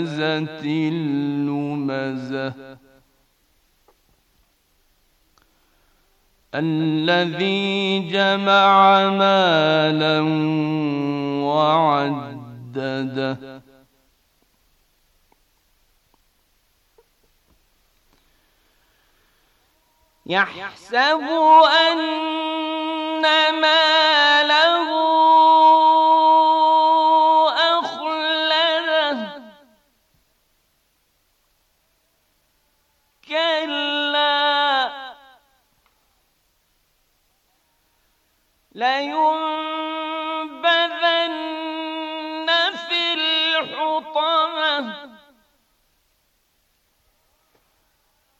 لمزة لمزة الذي جمع مالا وعدده يحسب أن مالا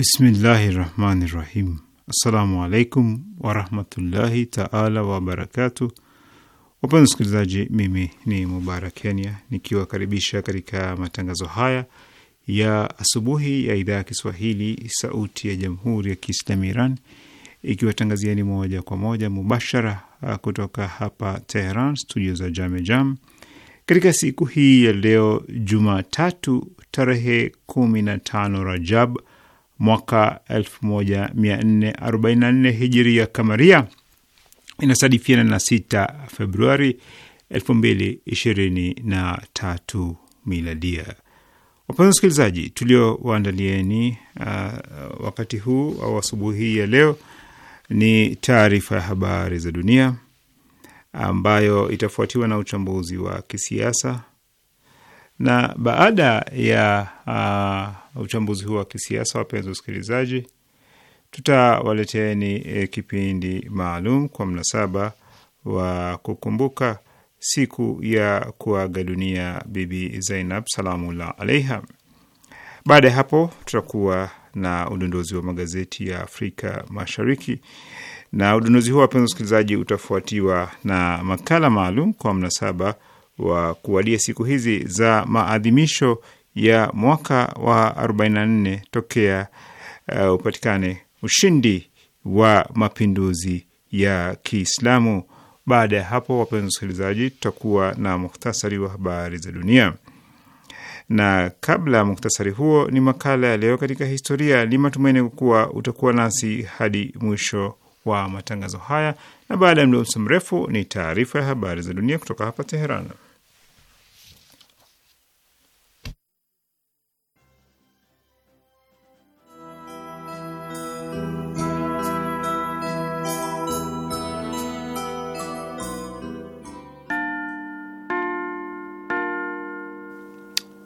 Bismillahi rahmani rahim. Assalamu alaikum warahmatullahi taala wabarakatu. Wapenzi wasikilizaji, mimi ni Mubarak Kenya nikiwakaribisha katika matangazo haya ya asubuhi ya idhaa ya Kiswahili sauti ya jamhuri ya Kiislami Iran ikiwatangazieni moja kwa moja mubashara ah, kutoka hapa Teheran, studio za Jame Jam katika siku hii ya leo Jumatatu tarehe 15 Rajab mwaka 1444 hijiria kamaria, inasadifiana na 6 Februari 2023 miladia. Wapenzi wasikilizaji, tuliowaandalieni uh, wakati huu au asubuhi hii ya leo ni taarifa ya habari za dunia ambayo itafuatiwa na uchambuzi wa kisiasa na baada ya uh, uchambuzi huu wa kisiasa, wapenzi usikilizaji tutawaleteni e, kipindi maalum kwa mnasaba wa kukumbuka siku ya kuaga dunia Bibi Zainab salamullah alaiha. Baada ya hapo, tutakuwa na udondozi wa magazeti ya Afrika Mashariki, na udondozi huu, wapenzi wasikilizaji, utafuatiwa na makala maalum kwa mnasaba wa kuwadia siku hizi za maadhimisho ya mwaka wa 44 tokea uh, upatikane ushindi wa mapinduzi ya Kiislamu. Baada ya hapo, wapenzi wasikilizaji, tutakuwa na muhtasari wa habari za dunia, na kabla ya muhtasari huo ni makala ya leo katika historia. Ni matumaini kuwa utakuwa nasi hadi mwisho wa matangazo haya, na baada ya mdomso mrefu ni taarifa ya habari za dunia kutoka hapa Teheran.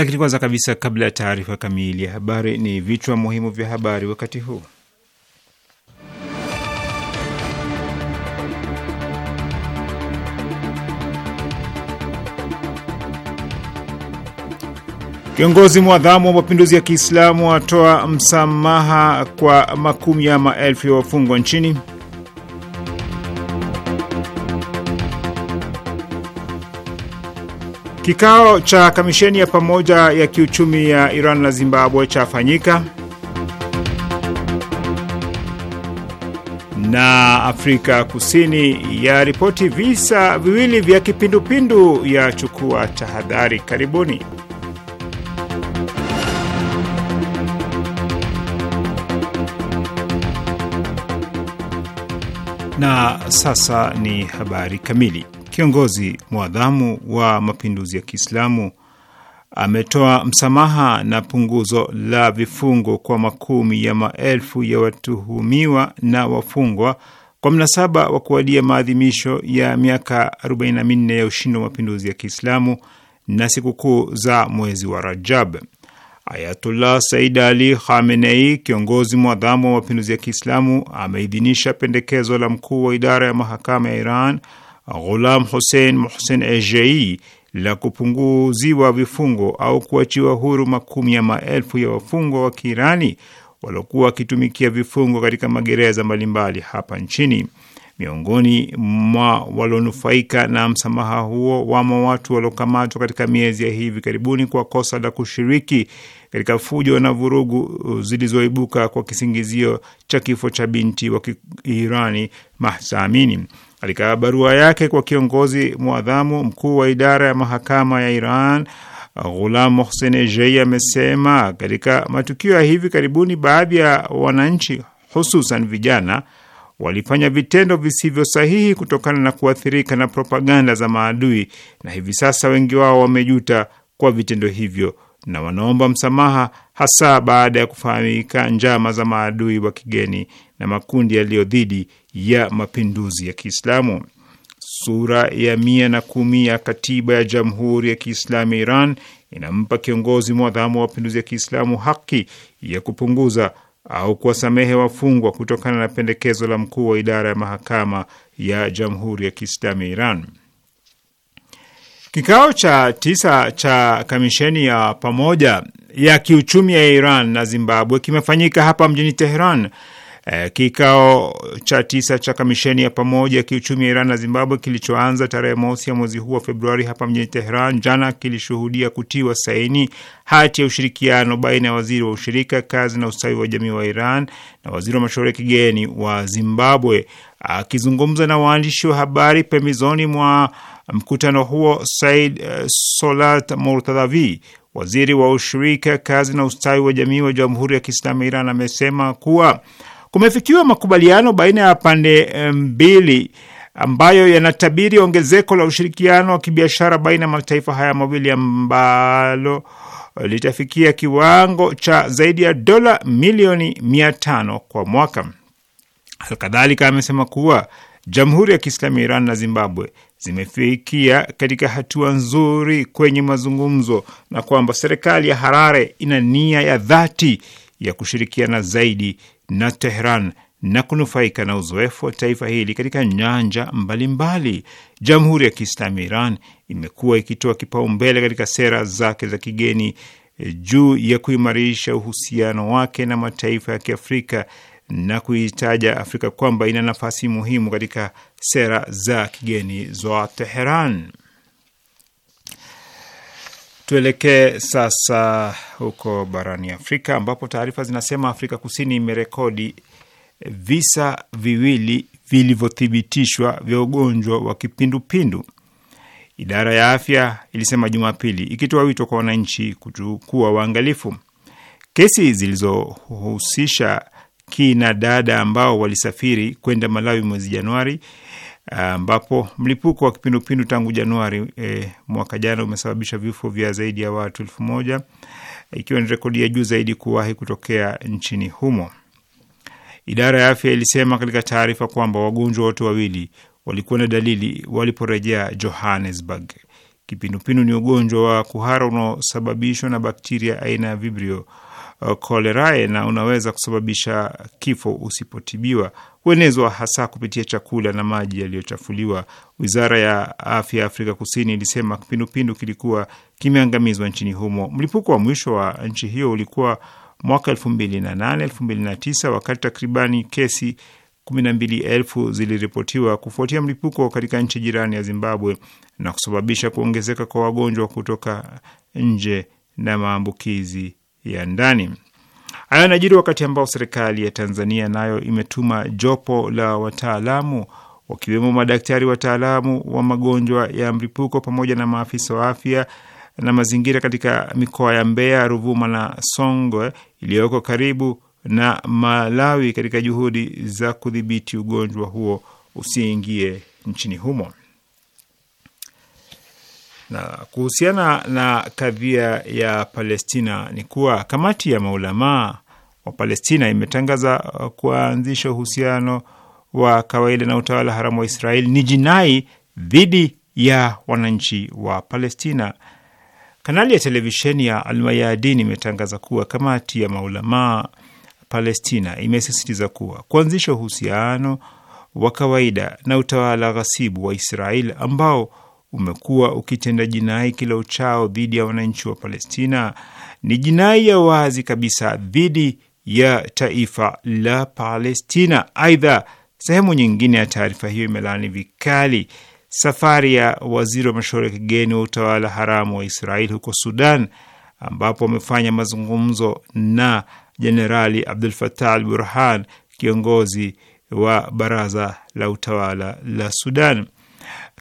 Lakini kwanza kabisa, kabla ya taarifa kamili ya habari, ni vichwa muhimu vya habari wakati huu. Kiongozi mwadhamu wa mapinduzi ya Kiislamu atoa msamaha kwa makumi ya maelfu ya wafungwa nchini. Kikao cha kamisheni ya pamoja ya kiuchumi ya Iran na Zimbabwe chafanyika. Na Afrika Kusini ya ripoti visa viwili vya kipindupindu ya chukua tahadhari. Karibuni. Na sasa ni habari kamili kiongozi mwadhamu wa mapinduzi ya Kiislamu ametoa msamaha na punguzo la vifungo kwa makumi ya maelfu ya watuhumiwa na wafungwa kwa mnasaba wa kuwadia maadhimisho ya miaka 44 ya ushindi wa mapinduzi ya Kiislamu na sikukuu za mwezi wa Rajab. Ayatullah Said Ali Khamenei, kiongozi mwadhamu wa mapinduzi ya Kiislamu, ameidhinisha pendekezo la mkuu wa idara ya mahakama ya Iran Ghulam Hussein Mohsen Ejei la kupunguziwa vifungo au kuachiwa huru makumi ya maelfu ya wafungwa wa Kiirani waliokuwa wakitumikia vifungo katika magereza mbalimbali hapa nchini. Miongoni mwa walionufaika na msamaha huo wamo watu waliokamatwa katika miezi ya hivi karibuni kwa kosa la kushiriki katika fujo na vurugu zilizoibuka kwa kisingizio cha kifo cha binti wa Kiirani Mahsa Amini. Katika barua yake kwa kiongozi mwadhamu mkuu wa idara ya mahakama ya Iran, Ghulam Mohsen Ejei amesema katika matukio ya hivi karibuni, baadhi ya wananchi hususan vijana walifanya vitendo visivyo sahihi kutokana na kuathirika na propaganda za maadui, na hivi sasa wengi wao wamejuta kwa vitendo hivyo na wanaomba msamaha, hasa baada ya kufahamika njama za maadui wa kigeni na makundi yaliyo dhidi ya mapinduzi ya Kiislamu. Sura ya mia na kumi ya katiba ya Jamhuri ya Kiislamu ya Iran inampa kiongozi mwadhamu wa mapinduzi ya Kiislamu haki ya kupunguza au kuwasamehe wafungwa kutokana na pendekezo la mkuu wa idara ya mahakama ya Jamhuri ya Kiislamu ya Iran. Kikao cha tisa cha kamisheni ya pamoja ya kiuchumi ya Iran na Zimbabwe kimefanyika hapa mjini Teheran E, kikao cha tisa cha kamisheni ya pamoja ya kiuchumi ya Iran na Zimbabwe kilichoanza tarehe mosi ya mwezi huu wa Februari hapa mjini Tehran jana kilishuhudia kutiwa saini hati ya ushirikiano baina ya waziri wa ushirika, kazi na ustawi wa jamii wa Iran na waziri wa mashauri ya kigeni wa Zimbabwe. Akizungumza na waandishi wa habari pembezoni mwa mkutano huo, Said uh, Solat Murtadhavi waziri wa ushirika, kazi na ustawi wa jamii wa Jamhuri ya Kiislamu ya Iran amesema kuwa kumefikiwa makubaliano baina ya pande eh, mbili ambayo yanatabiri ongezeko la ushirikiano wa kibiashara baina ya mataifa haya mawili ambalo eh, litafikia kiwango cha zaidi ya dola milioni mia tano kwa mwaka. alkadhalika amesema kuwa Jamhuri ya Kiislamu ya Iran na Zimbabwe zimefikia katika hatua nzuri kwenye mazungumzo na kwamba serikali ya Harare ina nia ya dhati ya kushirikiana zaidi na Tehran na kunufaika na uzoefu wa taifa hili katika nyanja mbalimbali. Jamhuri ya Kiislamu Iran imekuwa ikitoa kipaumbele katika sera zake za kigeni eh, juu ya kuimarisha uhusiano wake na mataifa ya Kiafrika na kuitaja Afrika kwamba ina nafasi muhimu katika sera za kigeni za Teheran. Tuelekee sasa huko barani Afrika ambapo taarifa zinasema Afrika Kusini imerekodi visa viwili vilivyothibitishwa vya ugonjwa wa kipindupindu. Idara ya afya ilisema Jumapili, ikitoa wito kwa wananchi kuchukua waangalifu. Kesi zilizohusisha kina dada ambao walisafiri kwenda Malawi mwezi Januari ambapo mlipuko wa kipindupindu tangu Januari e, mwaka jana umesababisha vifo vya zaidi ya watu elfu moja ikiwa ni rekodi ya juu zaidi kuwahi kutokea nchini humo. Idara ya afya ilisema katika taarifa kwamba wagonjwa wote wawili walikuwa na dalili waliporejea Johannesburg. Kipindupindu ni ugonjwa wa kuhara unaosababishwa na bakteria aina ya vibrio kolerae uh, na unaweza kusababisha kifo usipotibiwa. Huenezwa hasa kupitia chakula na maji yaliyochafuliwa. Wizara ya afya ya Afrika Kusini ilisema kipindupindu kilikuwa kimeangamizwa nchini humo. Mlipuko wa mwisho wa nchi hiyo ulikuwa mwaka elfu mbili na nane elfu mbili na tisa wakati takribani kesi kumi na mbili elfu ziliripotiwa kufuatia mlipuko katika nchi jirani ya Zimbabwe na kusababisha kuongezeka kwa wagonjwa kutoka nje na maambukizi ya ndani. Haya yanajiri wakati ambao serikali ya Tanzania nayo imetuma jopo la wataalamu wakiwemo madaktari wataalamu wa magonjwa ya mlipuko pamoja na maafisa wa afya na mazingira katika mikoa ya Mbeya, Ruvuma na Songwe iliyoko karibu na Malawi katika juhudi za kudhibiti ugonjwa huo usiingie nchini humo. Na kuhusiana na kadhia ya Palestina ni kuwa kamati ya maulamaa wa Palestina imetangaza uh, kuanzisha uhusiano wa kawaida na utawala haramu wa israel ni jinai dhidi ya wananchi wa Palestina. Kanali ya televisheni ya Almayadin imetangaza kuwa kamati ya maulamaa Palestina imesisitiza kuwa kuanzisha uhusiano wa kawaida na utawala ghasibu wa Israeli ambao umekuwa ukitenda jinai kila uchao dhidi ya wananchi wa Palestina. Ni jinai ya wazi kabisa dhidi ya taifa la Palestina. Aidha, sehemu nyingine ya taarifa hiyo imelaani vikali safari ya waziri wa mashauri ya kigeni wa utawala haramu wa Israeli huko Sudan, ambapo wamefanya mazungumzo na Jenerali Abdul Fatah al Burhan, kiongozi wa baraza la utawala la Sudan.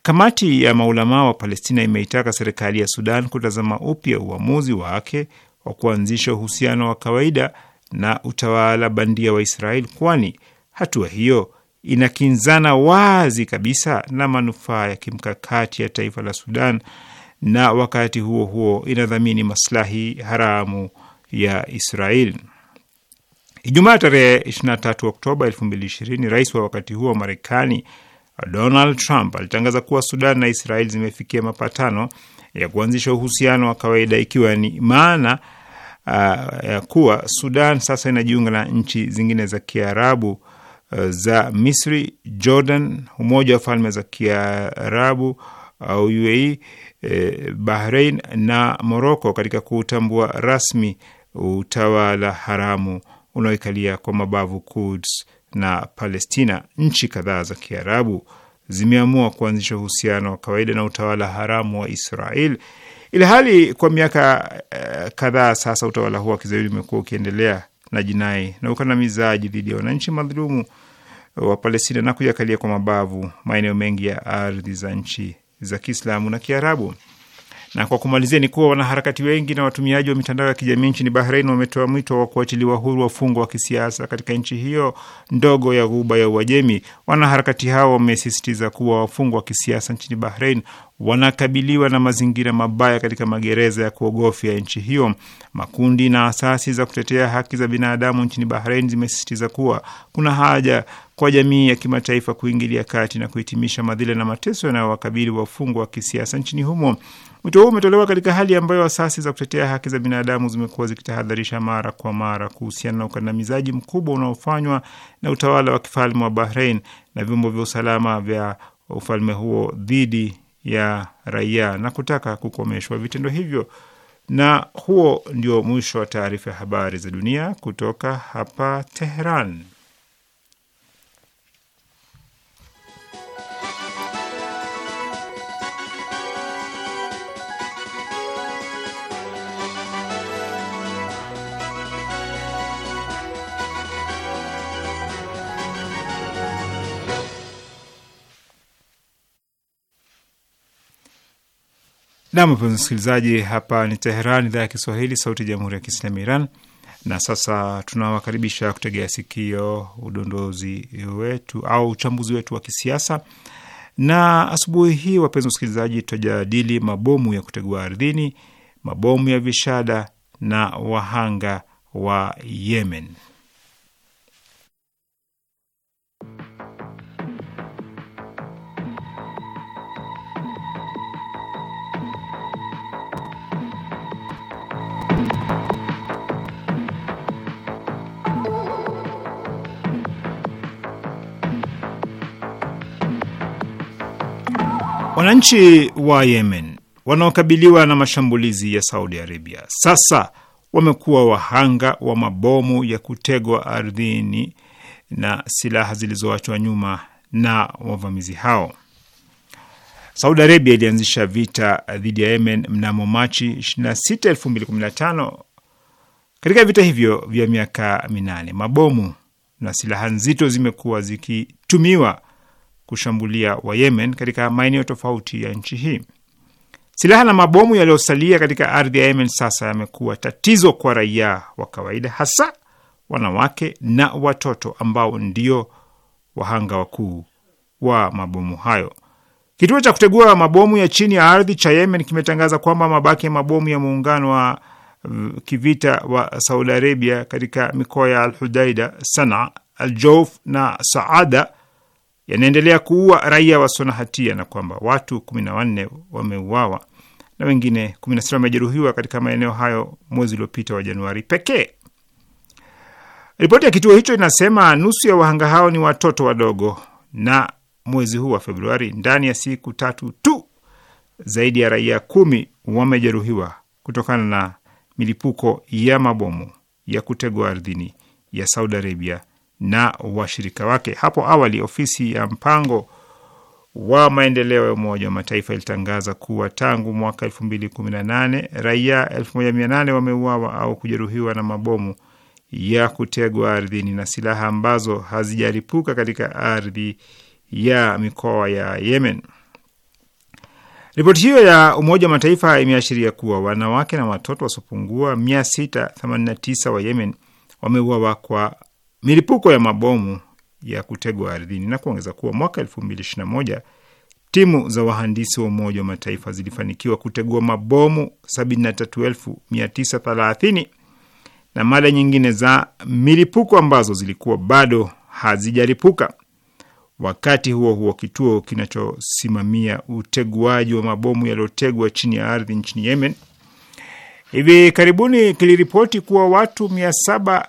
Kamati ya maulamaa wa Palestina imeitaka serikali ya Sudan kutazama upya uamuzi wake wa kuanzisha uhusiano wa kawaida na utawala bandia wa israel kwani hatua hiyo inakinzana wazi kabisa na manufaa ya kimkakati ya taifa la Sudan na wakati huo huo inadhamini maslahi haramu ya israel Ijumaa tarehe 23 Oktoba 2020, rais wa wakati huo wa Marekani Donald Trump alitangaza kuwa Sudan na Israel zimefikia mapatano ya kuanzisha uhusiano wa kawaida ikiwa ni maana uh, ya kuwa Sudan sasa inajiunga na nchi zingine za Kiarabu uh, za Misri, Jordan, Umoja wa Falme za Kiarabu au uh, UAE, eh, uh, Bahrain na Moroko katika kutambua rasmi utawala haramu unaoikalia kwa mabavu Quds na Palestina, nchi kadhaa za Kiarabu zimeamua kuanzisha uhusiano wa kawaida na utawala haramu wa Israel, ili hali kwa miaka uh, kadhaa sasa utawala huo wa kizayuni umekuwa ukiendelea na jinai na ukandamizaji dhidi ya wananchi madhulumu wa Palestina na kuyakalia kwa mabavu maeneo mengi ya ardhi za nchi za Kiislamu na Kiarabu. Na kwa kumalizia ni kuwa wanaharakati wengi na watumiaji wa mitandao ya kijamii nchini Bahrain wametoa mwito wa kuachiliwa huru wafungwa wa kisiasa katika nchi hiyo ndogo ya Ghuba ya Uajemi. Wanaharakati hao wamesisitiza kuwa wafungwa wa kisiasa nchini Bahrain wanakabiliwa na mazingira mabaya katika magereza ya kuogofya nchi hiyo. Makundi na asasi za kutetea haki za binadamu nchini Bahrain zimesisitiza kuwa kuna haja kwa jamii ya kimataifa kuingilia kati na kuhitimisha madhila na mateso yanayowakabili wafungwa wa kisiasa nchini humo mwito huu umetolewa katika hali ambayo asasi za kutetea haki za binadamu zimekuwa zikitahadharisha mara kwa mara kuhusiana na ukandamizaji mkubwa unaofanywa na utawala wa kifalme wa Bahrain na vyombo vya usalama vya ufalme huo dhidi ya raia na kutaka kukomeshwa vitendo hivyo. Na huo ndio mwisho wa taarifa ya habari za dunia kutoka hapa Teheran. Nam, mpenzi msikilizaji, hapa ni Teheran, idhaa ya Kiswahili, sauti ya jamhuri ya kiislamu ya Iran. Na sasa tunawakaribisha kutegea sikio udondozi wetu au uchambuzi wetu wa kisiasa, na asubuhi hii, wapenzi wasikilizaji, tutajadili mabomu ya kutegua ardhini, mabomu ya vishada na wahanga wa Yemen. Wananchi wa Yemen wanaokabiliwa na mashambulizi ya Saudi Arabia sasa wamekuwa wahanga wa mabomu ya kutegwa ardhini na silaha zilizoachwa nyuma na wavamizi hao. Saudi Arabia ilianzisha vita dhidi ya Yemen mnamo Machi 26, 2015. Katika vita hivyo vya miaka minane, mabomu na silaha nzito zimekuwa zikitumiwa kushambulia Wayemen katika maeneo tofauti ya nchi hii. Silaha na mabomu yaliyosalia katika ardhi ya Yemen sasa yamekuwa tatizo kwa raia wa kawaida, hasa wanawake na watoto ambao ndio wahanga wakuu wa mabomu hayo. Kituo cha kutegua mabomu ya chini ya ardhi cha Yemen kimetangaza kwamba mabaki ya mabomu ya muungano wa kivita wa Saudi Arabia katika mikoa ya Al Hudaida, Sanaa, Al Jouf na Saada yanaendelea kuua raia wasio na hatia na kwamba watu kumi na wanne wameuawa na wengine kumi na sita wamejeruhiwa katika maeneo hayo mwezi uliopita wa Januari pekee. Ripoti ya kituo hicho inasema nusu ya wahanga hao ni watoto wadogo, na mwezi huu wa Februari, ndani ya siku tatu tu, zaidi ya raia kumi wamejeruhiwa kutokana na milipuko ya mabomu ya kutegwa ardhini ya Saudi Arabia na washirika wake. Hapo awali ofisi ya mpango wa maendeleo ya Umoja wa Mataifa ilitangaza kuwa tangu mwaka 2018 raia 1800 wameuawa au kujeruhiwa na mabomu ya kutegwa ardhini na silaha ambazo hazijaripuka katika ardhi ya mikoa ya Yemen. Ripoti hiyo ya Umoja wa Mataifa imeashiria kuwa wanawake na watoto wasiopungua 689 wa Yemen wameuawa kwa milipuko ya mabomu ya kutegwa ardhini na kuongeza kuwa mwaka 2021 timu za wahandisi wa Umoja wa Mataifa zilifanikiwa kutegua mabomu 73930 na mada nyingine za milipuko ambazo zilikuwa bado hazijalipuka. Wakati huo huo, kituo kinachosimamia uteguaji wa mabomu yaliyotegwa chini ya ardhi nchini Yemen hivi karibuni kiliripoti kuwa watu mia saba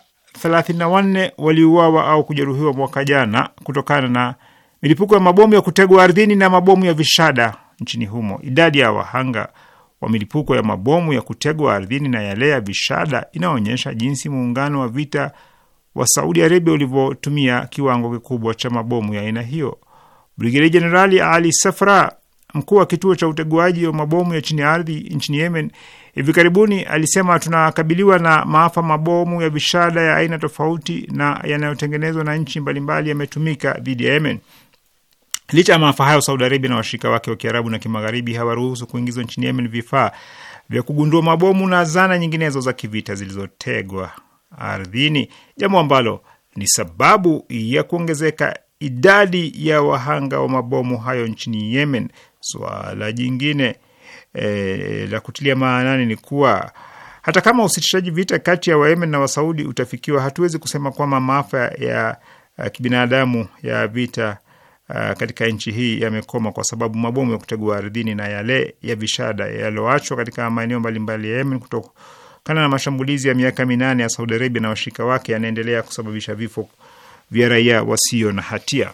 34 waliuawa au kujeruhiwa mwaka jana kutokana na milipuko ya mabomu ya kutegwa ardhini na mabomu ya vishada nchini humo. Idadi ya wahanga wa milipuko ya mabomu ya kutegwa ardhini na yale ya vishada inaonyesha jinsi muungano wa vita wa Saudi Arabia ulivyotumia kiwango kikubwa cha mabomu ya aina hiyo. Brigadier Jenerali Ali Safra, mkuu wa kituo cha uteguaji wa mabomu ya chini ya ardhi nchini Yemen hivi karibuni alisema, tunakabiliwa na maafa mabomu ya vishada ya aina tofauti na yanayotengenezwa na nchi mbalimbali yametumika dhidi ya Yemen. Licha ya maafa hayo, Saudi Arabia na washirika wake wa Kiarabu na Kimagharibi hawaruhusu kuingizwa nchini Yemen vifaa vya kugundua mabomu na zana nyinginezo za kivita zilizotegwa ardhini, jambo ambalo ni sababu ya kuongezeka idadi ya wahanga wa mabomu hayo nchini Yemen. Swala jingine e, la kutilia maanani ni kuwa hata kama usitishaji vita kati ya Wayemen na Wasaudi utafikiwa, hatuwezi kusema kwamba maafa ya kibinadamu ya vita uh, katika nchi hii yamekoma, kwa sababu mabomu ya kutegua ardhini na yale ya vishada yaliyoachwa katika maeneo mbalimbali ya Yemen kutokana na mashambulizi ya miaka minane ya Saudi Arabia na washirika wake yanaendelea kusababisha vifo vya raia wasio na hatia.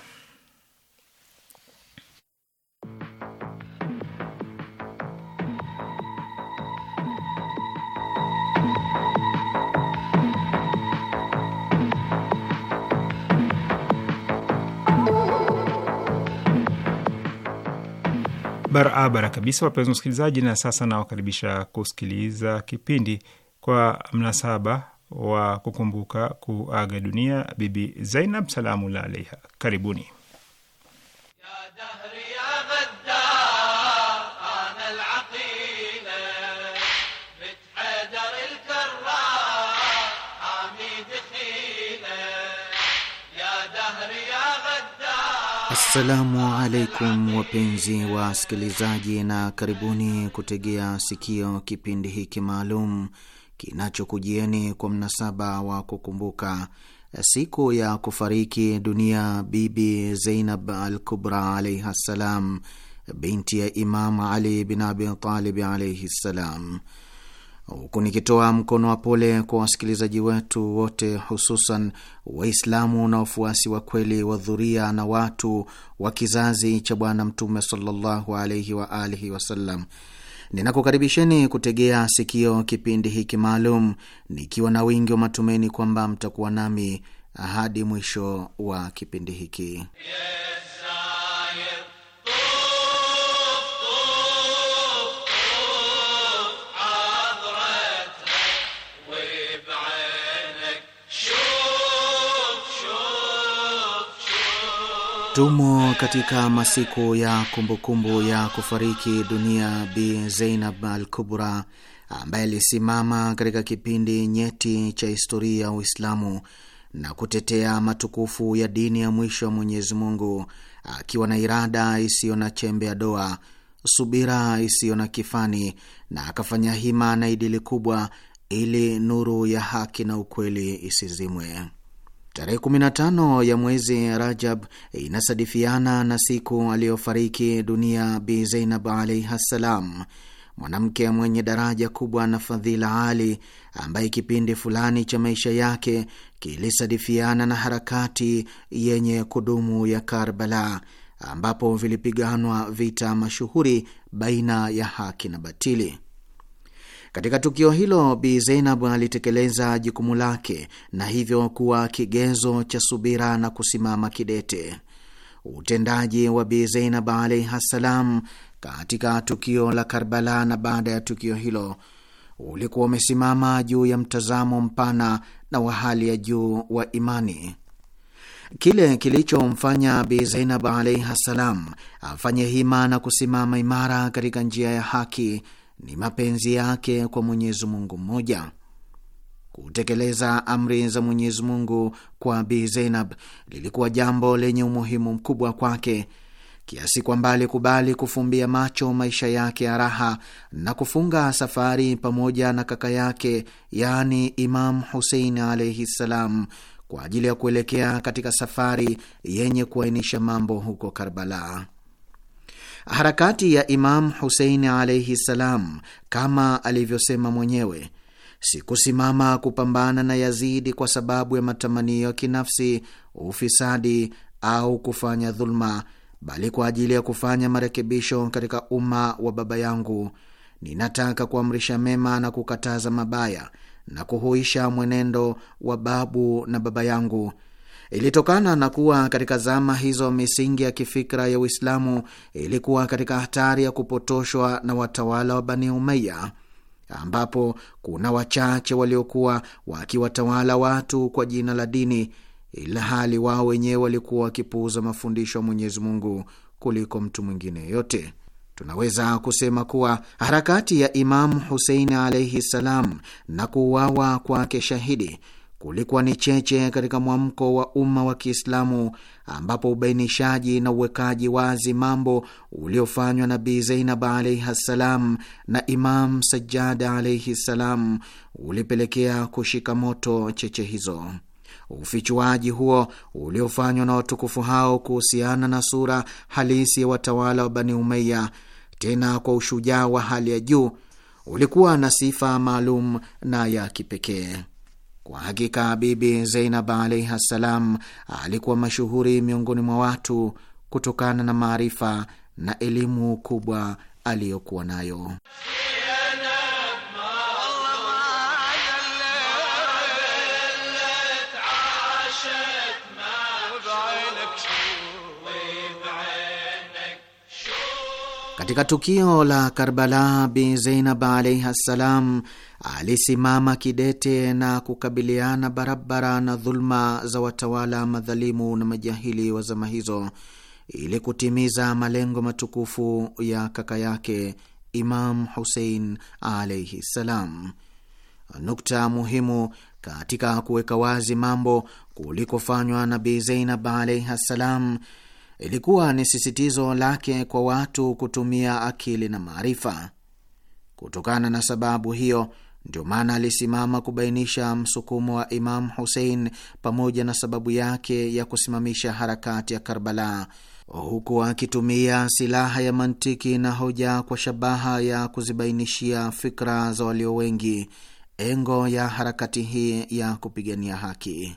barabara kabisa, wapenzi msikilizaji. Na sasa nawakaribisha kusikiliza kipindi kwa mnasaba wa kukumbuka kuaga dunia Bibi Zainab salamu alaiha. Karibuni. Assalamu alaikum wapenzi wa wasikilizaji, na karibuni kutegea sikio kipindi hiki maalum kinachokujieni kwa mnasaba wa kukumbuka siku ya kufariki dunia Bibi Zeinab al Kubra alaihi ssalam, binti ya Imam Ali bin Abi Talib alaihi ssalam huku nikitoa mkono wa pole kwa wasikilizaji wetu wote, hususan Waislamu na wafuasi wa kweli wa dhuria na watu wa kizazi cha Bwana Mtume sallallahu alaihi wa alihi wasallam. Ninakukaribisheni kutegea sikio kipindi hiki maalum nikiwa na wingi wa matumaini kwamba mtakuwa nami hadi mwisho wa kipindi hiki yeah. Tumo katika masiku ya kumbukumbu kumbu ya kufariki dunia Bi Zeinab Al Kubra, ambaye alisimama katika kipindi nyeti cha historia ya Uislamu na kutetea matukufu ya dini ya mwisho wa Mwenyezi Mungu, akiwa na irada isiyo na chembe ya doa, subira isiyo na kifani, na akafanya hima na idili kubwa ili nuru ya haki na ukweli isizimwe. Tarehe 15 ya mwezi Rajab inasadifiana na siku aliyofariki dunia Bi Zeinab alaihi ssalam, mwanamke mwenye daraja kubwa na fadhila ali, ambaye kipindi fulani cha maisha yake kilisadifiana na harakati yenye kudumu ya Karbala, ambapo vilipiganwa vita mashuhuri baina ya haki na batili. Katika tukio hilo, Bi Zeinab alitekeleza jukumu lake na hivyo kuwa kigezo cha subira na kusimama kidete. Utendaji wa Bi Zeinab alaihi ssalam katika tukio la Karbala na baada ya tukio hilo ulikuwa umesimama juu ya mtazamo mpana na wa hali ya juu wa imani. Kile kilichomfanya Bi Zainab alaihi ssalam afanye hima na kusimama imara katika njia ya haki ni mapenzi yake kwa Mwenyezi Mungu mmoja. Kutekeleza amri za Mwenyezi Mungu kwa Bi Zeinab lilikuwa jambo lenye umuhimu mkubwa kwake kiasi kwamba alikubali kufumbia macho maisha yake ya raha na kufunga safari pamoja na kaka yake, yaani Imam Husein alaihi ssalam, kwa ajili ya kuelekea katika safari yenye kuainisha mambo huko Karbala. Harakati ya Imamu Huseini alaihi ssalam, kama alivyosema mwenyewe, sikusimama kupambana na Yazidi kwa sababu ya matamanio ya kinafsi, ufisadi au kufanya dhuluma, bali kwa ajili ya kufanya marekebisho katika umma wa baba yangu. Ninataka kuamrisha mema na kukataza mabaya na kuhuisha mwenendo wa babu na baba yangu ilitokana na kuwa katika zama hizo misingi ya kifikra ya Uislamu ilikuwa katika hatari ya kupotoshwa na watawala wa Bani umeya ambapo kuna wachache waliokuwa wakiwatawala watu kwa jina la dini, ila hali wao wenyewe walikuwa wakipuuza mafundisho ya Mwenyezi Mungu kuliko mtu mwingine yeyote. Tunaweza kusema kuwa harakati ya Imamu Husein alaihi salam na kuuawa kwake shahidi kulikuwa ni cheche katika mwamko wa umma wa Kiislamu, ambapo ubainishaji na uwekaji wazi mambo uliofanywa Nabii Zeinab alaihi ssalam na Imam Sajjad alaihi ssalam ulipelekea kushika moto cheche hizo. Ufichuaji huo uliofanywa na watukufu hao kuhusiana na sura halisi ya watawala wa Bani Umeya, tena kwa ushujaa wa hali ya juu, ulikuwa na sifa maalum na ya kipekee. Kwa hakika Bibi Zeinab alaihi ssalam alikuwa mashuhuri miongoni mwa watu kutokana na maarifa na elimu kubwa aliyokuwa nayo. Katika tukio la Karbala, Bi Zeinab alaihi ssalam alisimama kidete na kukabiliana barabara na dhuluma za watawala madhalimu na majahili wa zama hizo ili kutimiza malengo matukufu ya kaka yake Imam Husein alaihi ssalam. Nukta muhimu katika kuweka wazi mambo kulikofanywa nabi Zeinab alaihi ssalam ilikuwa ni sisitizo lake kwa watu kutumia akili na maarifa. Kutokana na sababu hiyo ndio maana alisimama kubainisha msukumo wa Imamu Husein pamoja na sababu yake ya kusimamisha harakati ya Karbala, huku akitumia silaha ya mantiki na hoja kwa shabaha ya kuzibainishia fikra za walio wengi engo ya harakati hii ya kupigania haki.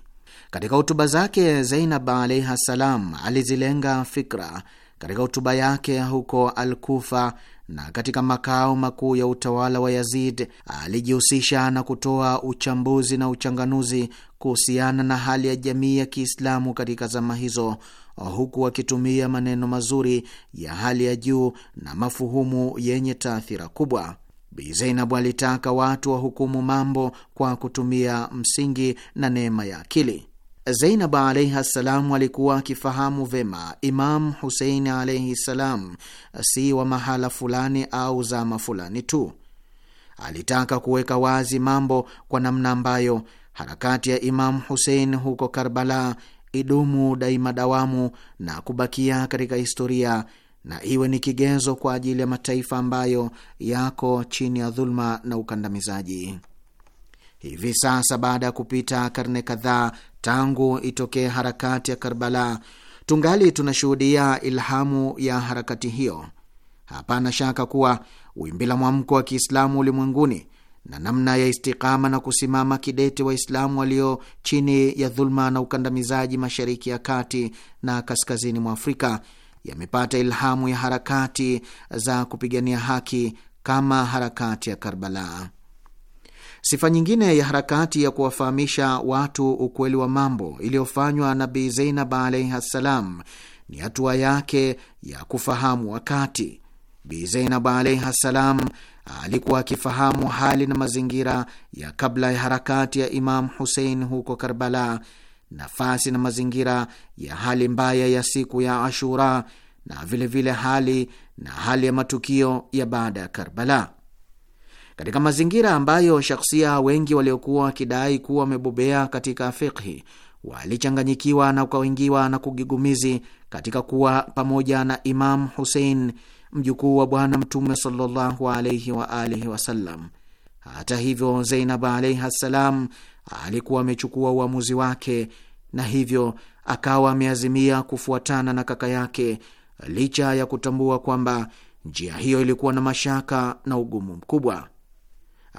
Katika hotuba zake, Zainab alaihi ssalam alizilenga fikra. Katika hotuba yake huko Alkufa na katika makao makuu ya utawala wa Yazid alijihusisha na kutoa uchambuzi na uchanganuzi kuhusiana na hali ya jamii ya Kiislamu katika zama hizo, huku akitumia maneno mazuri ya hali ya juu na mafuhumu yenye taathira kubwa. Bi Zainabu alitaka watu wahukumu mambo kwa kutumia msingi na neema ya akili. Zainab alaihi ssalam alikuwa akifahamu vema Imam Husein alaihi ssalam si wa mahala fulani au zama fulani tu. Alitaka kuweka wazi mambo kwa namna ambayo harakati ya Imam Husein huko Karbala idumu daima dawamu na kubakia katika historia na iwe ni kigezo kwa ajili ya mataifa ambayo yako chini ya dhuluma na ukandamizaji. Hivi sasa baada ya kupita karne kadhaa Tangu itokee harakati ya Karbala, tungali tunashuhudia ilhamu ya harakati hiyo. Hapana shaka kuwa wimbi la mwamko wa Kiislamu ulimwenguni na namna ya istikama na kusimama kidete Waislamu walio chini ya dhuluma na ukandamizaji mashariki ya kati na kaskazini mwa Afrika yamepata ilhamu ya harakati za kupigania haki kama harakati ya Karbala. Sifa nyingine ya harakati ya kuwafahamisha watu ukweli wa mambo iliyofanywa Nabii Zeinab alaihi ssalam ni hatua yake ya kufahamu wakati. Bi Zeinab alaihi ssalam alikuwa akifahamu hali na mazingira ya kabla ya harakati ya Imam Husein huko Karbala, nafasi na mazingira ya hali mbaya ya siku ya Ashura na vilevile vile hali na hali ya matukio ya baada ya Karbala katika mazingira ambayo shakhsia wengi waliokuwa wakidai kuwa wamebobea katika fikhi walichanganyikiwa na ukaingiwa na kugigumizi katika kuwa pamoja na Imam Husein mjukuu wa Bwana Mtume sallallahu alaihi wa alihi wasallam. Hata hivyo, Zeinab alaihi ssalam alikuwa amechukua uamuzi wake na hivyo akawa ameazimia kufuatana na kaka yake, licha ya kutambua kwamba njia hiyo ilikuwa na mashaka na ugumu mkubwa.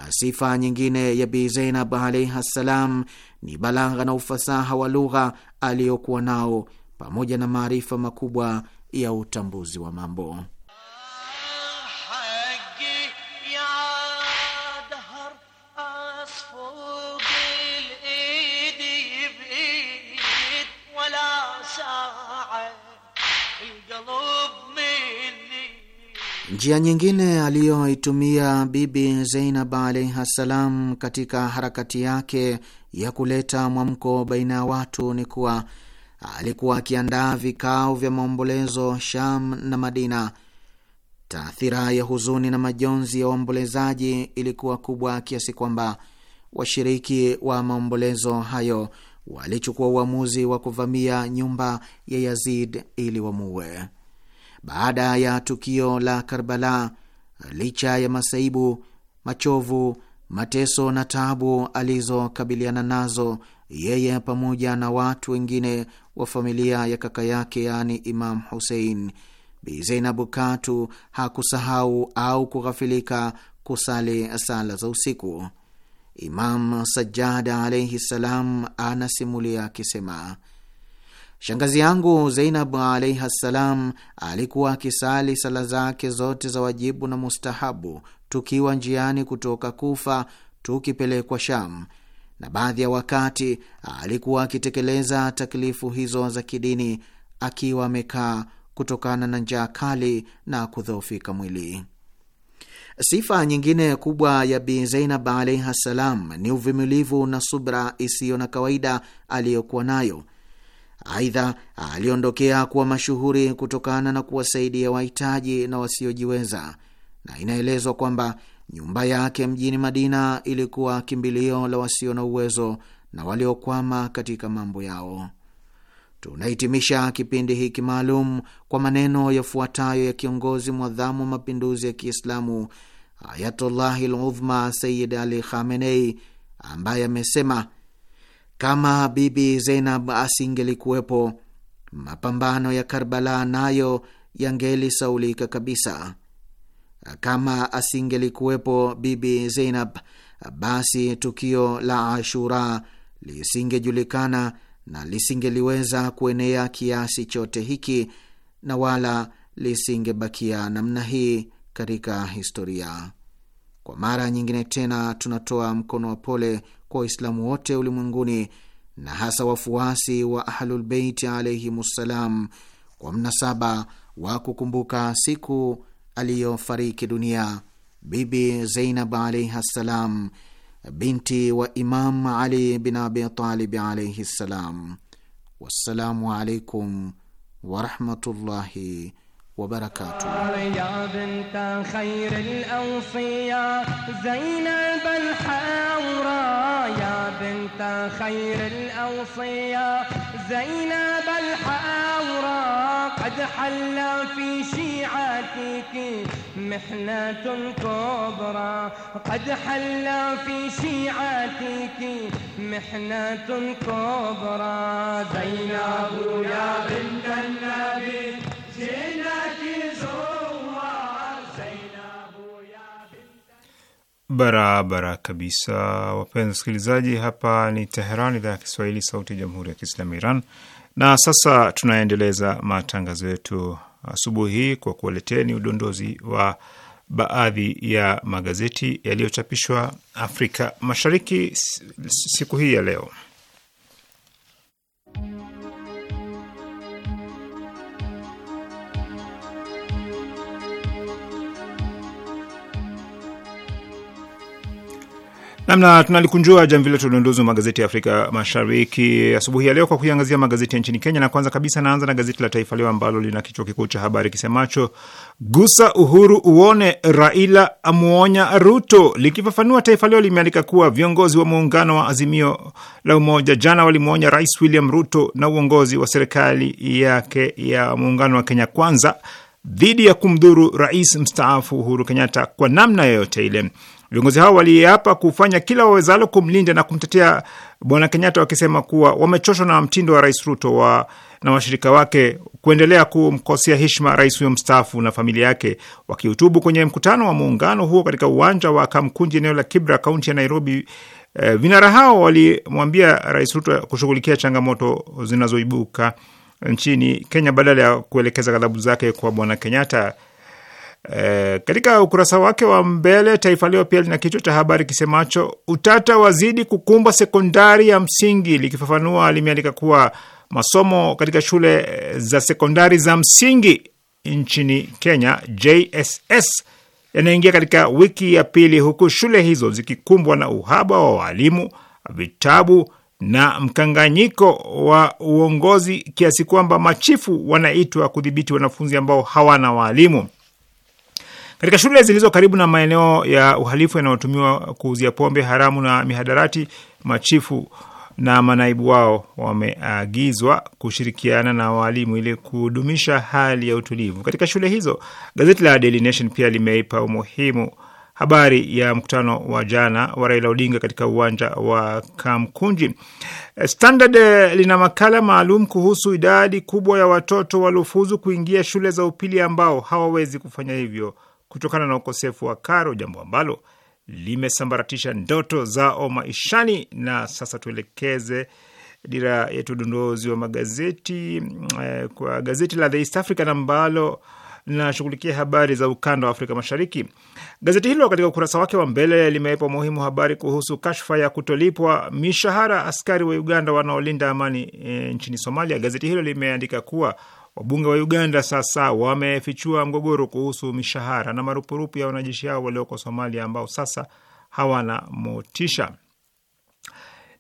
Sifa nyingine ya Bi Zeinab alaihi ssalam ni balagha na ufasaha wa lugha aliyokuwa nao pamoja na maarifa makubwa ya utambuzi wa mambo. Njia nyingine aliyoitumia Bibi Zeinab alaihi ssalam katika harakati yake ya kuleta mwamko baina ya watu ni kuwa alikuwa akiandaa vikao vya maombolezo Sham na Madina. Taathira ya huzuni na majonzi ya waombolezaji ilikuwa kubwa kiasi kwamba washiriki wa maombolezo hayo walichukua uamuzi wa kuvamia nyumba ya Yazid ili wamuue. Baada ya tukio la Karbala, licha ya masaibu, machovu, mateso na taabu alizokabiliana nazo, yeye pamoja na watu wengine wa familia ya kaka yake, yaani Imam Husein, Bi Zainabu katu hakusahau au kughafilika kusali sala za usiku. Imam Sajjad alaihi ssalam anasimulia akisema Shangazi yangu zeinab alaihi ssalam alikuwa akisali sala zake zote za wajibu na mustahabu tukiwa njiani kutoka Kufa tukipelekwa Sham, na baadhi ya wakati alikuwa akitekeleza taklifu hizo za kidini akiwa amekaa kutokana na njaa kali na kudhoofika mwili. Sifa nyingine kubwa ya Bi Zainab alaihi ssalam ni uvumilivu na subra isiyo na kawaida aliyokuwa nayo Aidha, aliondokea kuwa mashuhuri kutokana na kuwasaidia wahitaji na wasiojiweza, na inaelezwa kwamba nyumba yake mjini Madina ilikuwa kimbilio la wasio na uwezo na waliokwama katika mambo yao. Tunahitimisha kipindi hiki maalum kwa maneno yafuatayo ya kiongozi mwadhamu wa mapinduzi ya Kiislamu Ayatullahi Ludhma Sayid Ali Khamenei ambaye amesema kama Bibi Zeinab asingelikuwepo, mapambano ya Karbala nayo yangelisaulika kabisa. Kama asingelikuwepo Bibi Zeinab, basi tukio la Ashura lisingejulikana na lisingeliweza kuenea kiasi chote hiki na wala lisingebakia namna hii katika historia. Kwa mara nyingine tena tunatoa mkono wa pole kwa Waislamu wote ulimwenguni na hasa wafuasi wa Ahlulbeiti alaihimussalam kwa mnasaba wa kukumbuka siku aliyofariki dunia Bibi zainab alaihi ssalam, binti wa Imam Ali bin Abitalib alaihi ssalam. Wassalamu alaikum warahmatullahi وبركاته يا بنت خير الأوصية زينب الحاورة يا بنت خير الأوصية زينب الحاورة قد حل في شيعتك محنة كبرى قد حل في شيعتك محنة كبرى زينب يا بنت النبي Barabara kabisa, wapenzi wasikilizaji, hapa ni Teheran, idhaa ya Kiswahili, sauti ya jamhuri ya kiislamu Iran. Na sasa tunaendeleza matangazo yetu asubuhi hii kwa kuwaleteni udondozi wa baadhi ya magazeti yaliyochapishwa Afrika Mashariki siku hii ya leo. namna tunalikunjua jamvi letu udondozi wa magazeti ya Afrika Mashariki asubuhi ya leo kwa kuiangazia magazeti ya nchini Kenya, na kwanza kabisa naanza na gazeti la Taifa Leo ambalo lina kichwa kikuu cha habari kisemacho gusa Uhuru uone Raila amuonya Ruto. Likifafanua, Taifa Leo limeandika kuwa viongozi wa muungano wa Azimio la Umoja jana walimwonya Rais William Ruto na uongozi wa serikali yake ya muungano wa Kenya Kwanza dhidi ya kumdhuru rais mstaafu Uhuru Kenyatta kwa namna yoyote ile. Viongozi hao waliapa kufanya kila wawezalo kumlinda na kumtetea Bwana Kenyatta, wakisema kuwa wamechoshwa na mtindo wa Rais Ruto wa na washirika wake kuendelea kumkosea heshima rais huyo mstaafu na familia yake. Wakihutubu kwenye mkutano wa muungano huo katika uwanja wa Kamkunji, eneo la Kibra, kaunti ya Nairobi, e, vinara hao walimwambia Rais Ruto kushughulikia changamoto zinazoibuka nchini Kenya badala ya kuelekeza ghadhabu zake kwa Bwana Kenyatta. E, katika ukurasa wake wa mbele Taifa Leo pia lina kichwa cha habari kisemacho utata wazidi kukumba sekondari ya msingi. Likifafanua, limeandika kuwa masomo katika shule eh, za sekondari za msingi nchini Kenya JSS yanaingia katika wiki ya pili, huku shule hizo zikikumbwa na uhaba wa walimu, vitabu na mkanganyiko wa uongozi kiasi kwamba machifu wanaitwa kudhibiti wanafunzi ambao hawana waalimu. Katika shule zilizo karibu na maeneo ya uhalifu yanayotumiwa kuuzia pombe haramu na mihadarati, machifu na manaibu wao wameagizwa kushirikiana na waalimu ili kudumisha hali ya utulivu katika shule hizo. Gazeti la Daily Nation pia limeipa umuhimu habari ya mkutano wa jana wa Raila Odinga katika uwanja wa Kamkunji. Standard eh, lina makala maalum kuhusu idadi kubwa ya watoto waliofuzu kuingia shule za upili ambao hawawezi kufanya hivyo kutokana na ukosefu wa karo, jambo ambalo limesambaratisha ndoto zao maishani. Na sasa tuelekeze dira yetu udondozi wa magazeti eh, kwa gazeti la The East African ambalo linashughulikia habari za ukanda wa Afrika Mashariki. Gazeti hilo katika ukurasa wake wa mbele limewepa umuhimu habari kuhusu kashfa ya kutolipwa mishahara askari wa Uganda wanaolinda amani e, nchini Somalia. Gazeti hilo limeandika kuwa Wabunge wa Uganda sasa wamefichua mgogoro kuhusu mishahara na marupurupu ya wanajeshi hao walioko Somalia ambao sasa hawana motisha.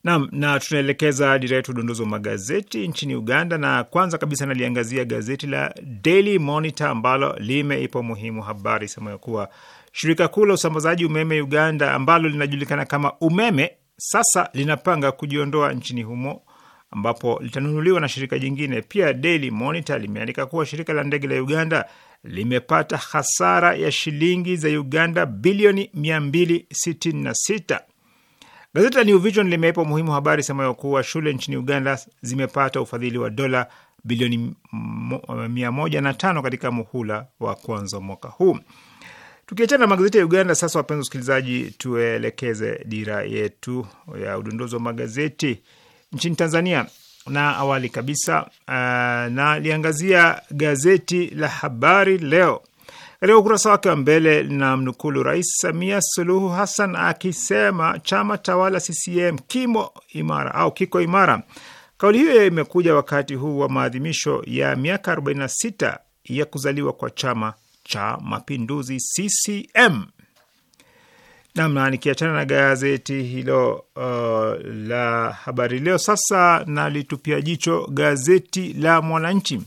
Naam, na tunaelekeza dira yetu udondozi wa magazeti nchini Uganda, na kwanza kabisa naliangazia gazeti la Daily Monitor ambalo limeipa umuhimu habari sema ya kuwa shirika kuu la usambazaji umeme Uganda ambalo linajulikana kama umeme sasa linapanga kujiondoa nchini humo ambapo litanunuliwa na shirika jingine. Pia Daily Monitor limeandika kuwa shirika la ndege la Uganda limepata hasara ya shilingi za Uganda bilioni 266. Gazeti la New Vision limeipa umuhimu habari semayo kuwa shule nchini Uganda zimepata ufadhili wa dola bilioni 105 katika muhula wa kwanza mwaka huu. Tukiachana na magazeti ya Uganda, sasa wapenzi wasikilizaji, tuelekeze dira yetu ya udondozi wa magazeti nchini Tanzania. Na awali kabisa uh, naliangazia gazeti la Habari Leo katika ukurasa wake wa mbele na mnukulu Rais Samia Suluhu Hassan akisema chama tawala CCM kimo imara au kiko imara. Kauli hiyo imekuja wakati huu wa maadhimisho ya miaka 46 ya kuzaliwa kwa chama cha mapinduzi CCM. Namna nikiachana na gazeti hilo uh, la Habari Leo, sasa nalitupia jicho gazeti la Mwananchi.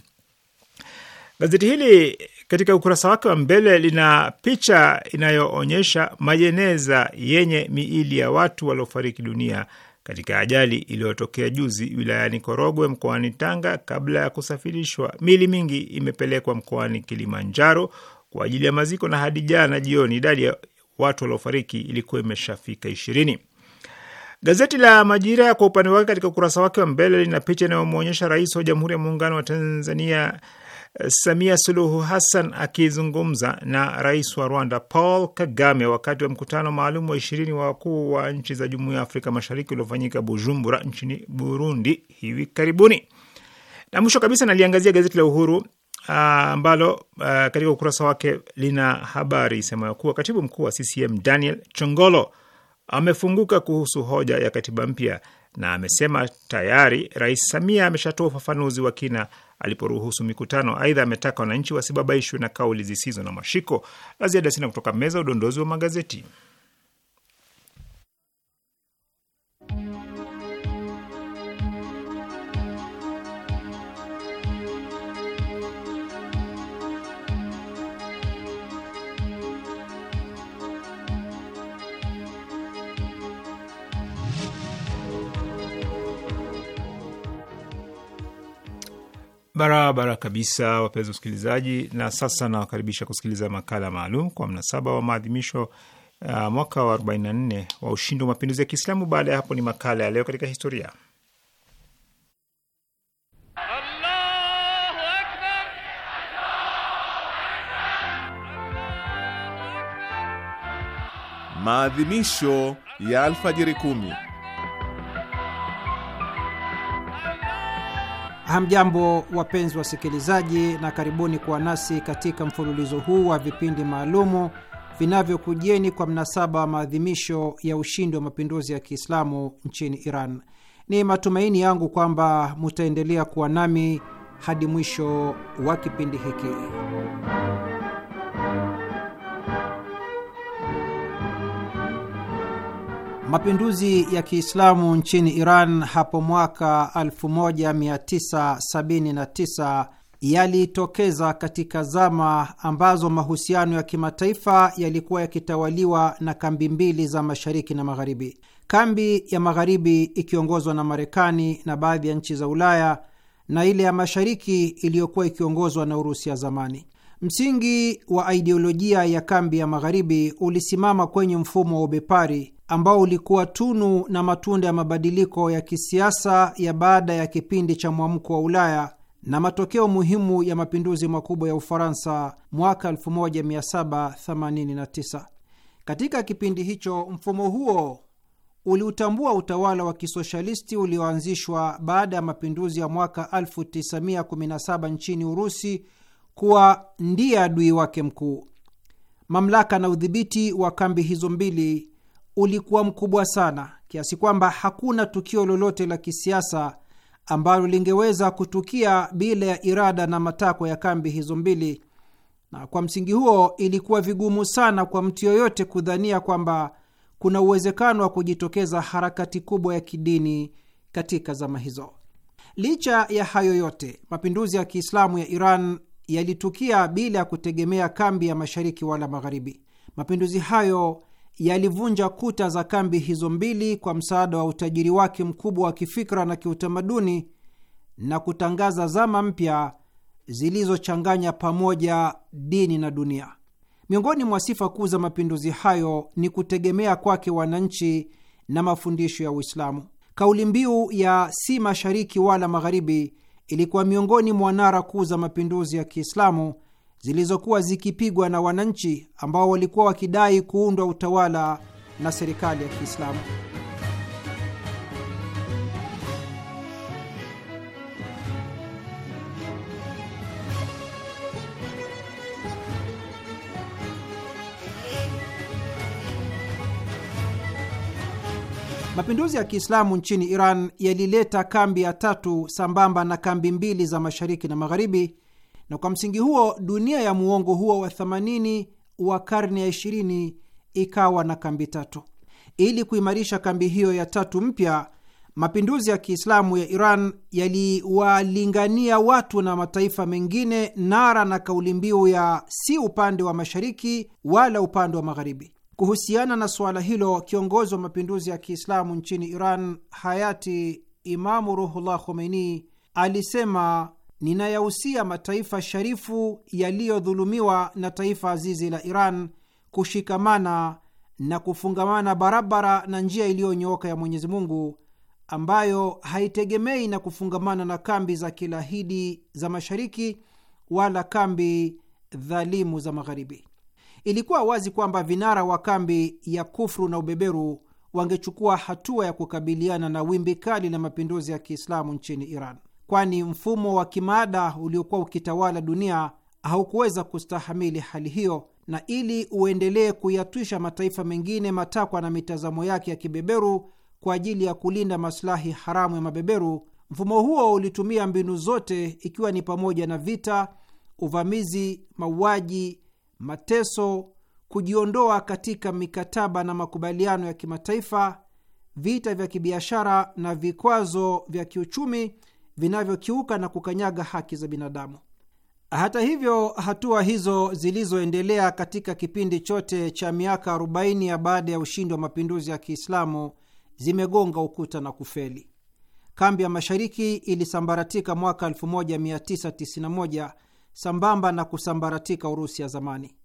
Gazeti hili katika ukurasa wake wa mbele lina picha inayoonyesha majeneza yenye miili ya watu waliofariki dunia katika ajali iliyotokea juzi wilayani Korogwe mkoani Tanga kabla ya kusafirishwa. Miili mingi imepelekwa mkoani Kilimanjaro kwa ajili ya maziko na hadi jana jioni idadi watu waliofariki ilikuwa imeshafika ishirini. Gazeti la Majira kwa upande wake, katika ukurasa wake wa mbele lina picha inayomwonyesha rais wa Jamhuri ya Muungano wa Tanzania eh, Samia Suluhu Hassan akizungumza na rais wa Rwanda Paul Kagame wakati wa mkutano maalum wa ishirini wa wakuu wa nchi za Jumuiya ya Afrika Mashariki uliofanyika Bujumbura nchini Burundi hivi karibuni. Na mwisho kabisa naliangazia gazeti la Uhuru Ah, ambalo uh, katika ukurasa wake lina habari isemayo kuwa katibu mkuu wa CCM Daniel Chongolo amefunguka kuhusu hoja ya katiba mpya na amesema tayari Rais Samia ameshatoa ufafanuzi wa kina aliporuhusu mikutano. Aidha, ametaka wananchi wasibabaishwe na kauli zisizo na mashiko. La ziada sina kutoka meza udondozi wa magazeti. barabara kabisa, wapenzi wasikilizaji, na sasa nawakaribisha kusikiliza makala maalum kwa mnasaba wa maadhimisho uh, mwaka wa 44 wa ushindi wa mapinduzi ya Kiislamu. Baada ya hapo ni makala ya leo katika historia. Maadhimisho ya alfajiri kumi. Hamjambo, wapenzi wasikilizaji, na karibuni kuwa nasi katika mfululizo huu wa vipindi maalumu vinavyokujieni kwa mnasaba wa maadhimisho ya ushindi wa mapinduzi ya Kiislamu nchini Iran. Ni matumaini yangu kwamba mutaendelea kuwa nami hadi mwisho wa kipindi hiki. Mapinduzi ya Kiislamu nchini Iran hapo mwaka 1979 yalitokeza katika zama ambazo mahusiano ya kimataifa yalikuwa yakitawaliwa na kambi mbili za mashariki na magharibi. Kambi ya magharibi ikiongozwa na Marekani na baadhi ya nchi za Ulaya na ile ya mashariki iliyokuwa ikiongozwa na Urusi ya zamani. Msingi wa idiolojia ya kambi ya magharibi ulisimama kwenye mfumo wa ubepari ambao ulikuwa tunu na matunda ya mabadiliko ya kisiasa ya baada ya kipindi cha mwamko wa Ulaya na matokeo muhimu ya mapinduzi makubwa ya Ufaransa mwaka 1789. Katika kipindi hicho, mfumo huo uliutambua utawala wa kisoshalisti ulioanzishwa baada ya mapinduzi ya mwaka 1917 nchini Urusi kuwa ndiye adui wake mkuu. Mamlaka na udhibiti wa kambi hizo mbili ulikuwa mkubwa sana kiasi kwamba hakuna tukio lolote la kisiasa ambalo lingeweza kutukia bila ya irada na matakwa ya kambi hizo mbili, na kwa msingi huo ilikuwa vigumu sana kwa mtu yoyote kudhania kwamba kuna uwezekano wa kujitokeza harakati kubwa ya kidini katika zama hizo. Licha ya hayo yote, mapinduzi ya Kiislamu ya Iran yalitukia bila ya kutegemea kambi ya mashariki wala magharibi. Mapinduzi hayo yalivunja kuta za kambi hizo mbili kwa msaada wa utajiri wake mkubwa wa kifikra na kiutamaduni na kutangaza zama mpya zilizochanganya pamoja dini na dunia. Miongoni mwa sifa kuu za mapinduzi hayo ni kutegemea kwake wananchi na mafundisho ya Uislamu. Kauli mbiu ya si mashariki wala magharibi ilikuwa miongoni mwa nara kuu za mapinduzi ya Kiislamu zilizokuwa zikipigwa na wananchi ambao walikuwa wakidai kuundwa utawala na serikali ya Kiislamu. Mapinduzi ya Kiislamu nchini Iran yalileta kambi ya tatu sambamba na kambi mbili za mashariki na magharibi na kwa msingi huo dunia ya muongo huo wa 80 wa karne ya 20 ikawa na kambi tatu. Ili kuimarisha kambi hiyo ya tatu mpya, mapinduzi ya Kiislamu ya Iran yaliwalingania watu na mataifa mengine nara na kauli mbiu ya si upande wa mashariki wala upande wa magharibi. Kuhusiana na suala hilo, kiongozi wa mapinduzi ya Kiislamu nchini Iran hayati Imamu Ruhullah Khomeini alisema ninayahusia mataifa sharifu yaliyodhulumiwa na taifa azizi la Iran kushikamana na kufungamana barabara na njia iliyonyooka ya Mwenyezi Mungu ambayo haitegemei na kufungamana na kambi za kilahidi za mashariki wala kambi dhalimu za magharibi. Ilikuwa wazi kwamba vinara wa kambi ya kufru na ubeberu wangechukua hatua ya kukabiliana na wimbi kali la mapinduzi ya Kiislamu nchini Iran kwani mfumo wa kimaada uliokuwa ukitawala dunia haukuweza kustahamili hali hiyo, na ili uendelee kuyatwisha mataifa mengine matakwa na mitazamo yake ya kibeberu kwa ajili ya kulinda masilahi haramu ya mabeberu, mfumo huo ulitumia mbinu zote, ikiwa ni pamoja na vita, uvamizi, mauaji, mateso, kujiondoa katika mikataba na makubaliano ya kimataifa, vita vya kibiashara na vikwazo vya kiuchumi vinavyokiuka na kukanyaga haki za binadamu. Hata hivyo, hatua hizo zilizoendelea katika kipindi chote cha miaka 40 ya baada ya ushindi wa mapinduzi ya Kiislamu zimegonga ukuta na kufeli. Kambi ya mashariki ilisambaratika mwaka 1991 sambamba na kusambaratika Urusi ya zamani.